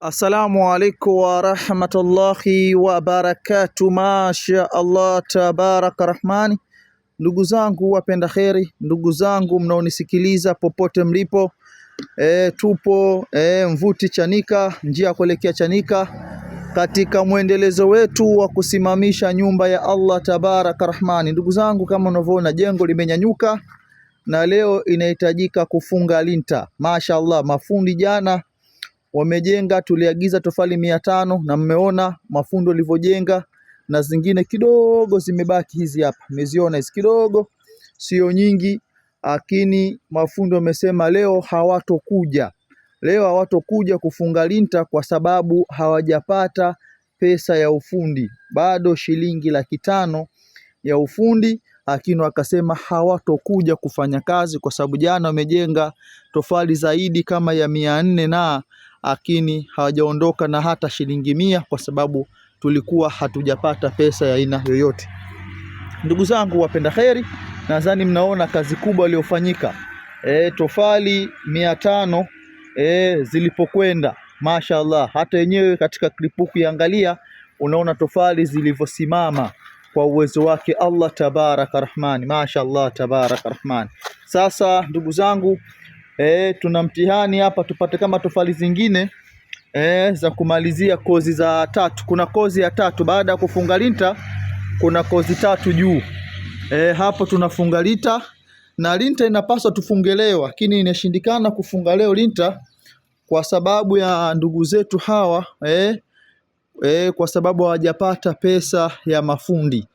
Assalamu alaikum warahmatullahi wabarakatu. Masha Allah tabaraka rahmani. Ndugu zangu wapenda kheri, ndugu zangu mnaonisikiliza popote mlipo, e, tupo e, Mvuti Chanika, njia ya kuelekea Chanika, katika mwendelezo wetu wa kusimamisha nyumba ya Allah tabaraka rahmani. Ndugu zangu, kama unavyoona jengo limenyanyuka na leo inahitajika kufunga linta. Masha Allah, mafundi jana wamejenga, tuliagiza tofali mia tano na mmeona mafundo alivyojenga, na zingine kidogo zimebaki hizi hapa, mmeziona hizi kidogo, sio nyingi, lakini mafundo wamesema leo hawatokuja, leo hawatokuja kufunga linta kwa sababu hawajapata pesa ya ufundi bado, shilingi laki tano ya ufundi lakini wakasema hawatokuja kufanya kazi kwa sababu jana wamejenga tofali zaidi kama ya mia nne na lakini hawajaondoka na hata shilingi mia kwa sababu tulikuwa hatujapata pesa ya aina yoyote. Ndugu zangu wapenda kheri, nadhani mnaona kazi kubwa iliyofanyika. E, tofali mia tano e, zilipokwenda mashaallah, hata yenyewe katika klipu ukiangalia unaona tofali zilivyosimama kwa uwezo wake Allah tabaraka rahmani, mashaallah tabaraka rahmani. Sasa ndugu zangu eh, tuna mtihani hapa tupate kama tofali zingine eh, za kumalizia kozi za tatu. Kuna kozi ya tatu baada ya kufunga linta, kuna kozi tatu juu eh, hapo tunafunga linta na linta inapaswa tufunge leo, lakini inashindikana kufunga leo linta kwa sababu ya ndugu zetu hawa eh, e, kwa sababu hawajapata pesa ya mafundi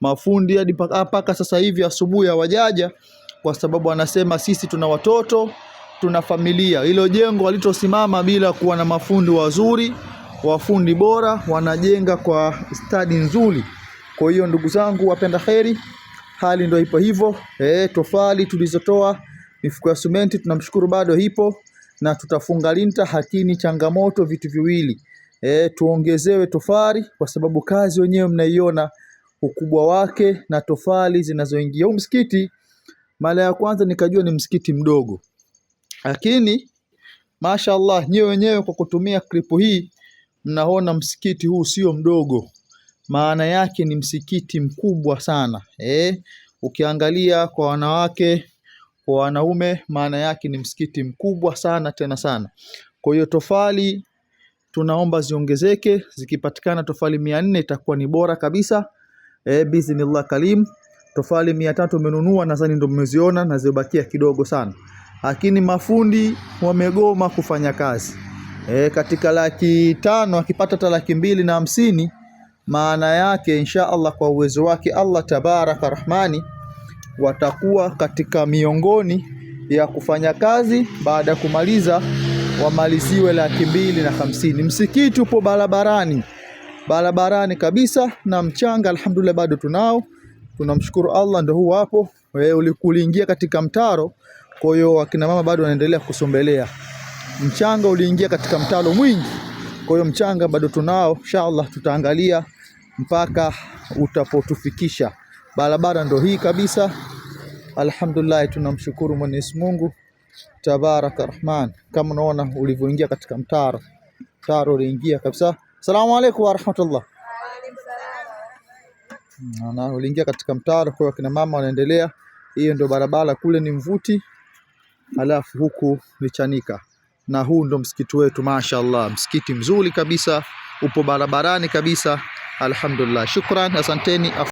mafundi hadi mpaka sasa hivi asubuhi hawajaja, kwa sababu anasema sisi tuna watoto tuna familia. Hilo jengo halitosimama bila kuwa na mafundi wazuri, wafundi bora, wanajenga kwa stadi nzuri. Kwa hiyo ndugu zangu wapenda heri, hali ndio ipo hivyo. E, tofali tulizotoa mifuko ya simenti tunamshukuru bado ipo na tutafunga linta, lakini changamoto vitu viwili e, tuongezewe tofali kwa sababu kazi wenyewe mnaiona ukubwa wake na tofali zinazoingia huu msikiti. Mara ya kwanza nikajua ni msikiti mdogo, lakini mashallah, nyewe wenyewe kwa kutumia klipu hii mnaona msikiti huu sio mdogo, maana yake ni msikiti mkubwa sana eh. Ukiangalia kwa wanawake kwa wanaume, maana yake ni msikiti mkubwa sana tena sana. Kwa hiyo tofali tunaomba ziongezeke, zikipatikana tofali mia nne itakuwa ni bora kabisa eh, bismillah kalim. Tofali mia tatu umenunua nadhani ndio mmeziona na zibakia kidogo sana lakini mafundi wamegoma kufanya kazi e, katika laki tano akipata hata laki mbili na hamsini maana yake insha Allah kwa uwezo wake Allah tabaraka rahmani watakuwa katika miongoni ya kufanya kazi baada ya kumaliza wamaliziwe laki mbili na hamsini. Msikiti upo barabarani, barabarani kabisa, na mchanga alhamdulillah bado tunao. Tunamshukuru Allah, ndio huu hapo. Wewe ulikuingia katika mtaro kwa hiyo akina mama bado wanaendelea kusombelea. Mchanga uliingia katika mtalo mwingi, kwa hiyo mchanga bado tunao, inshallah tutaangalia mpaka utapotufikisha. Barabara ndo hii kabisa. Alhamdulillah, tunamshukuru Mwenyezi Mungu tabaraka rahman. Kama unaona ulivyoingia katika mtaro, mtaro uliingia kabisa. Asalamu alaykum wa rahmatullah. Na uliingia katika mtaro, kwa hiyo akina mama wanaendelea. Hiyo ndio barabara, kule ni mvuti alafu huku ni Chanika, na huu ndo msikiti wetu. Mashaallah, msikiti mzuri kabisa, upo barabarani kabisa. Alhamdulillah, shukran, asanteni.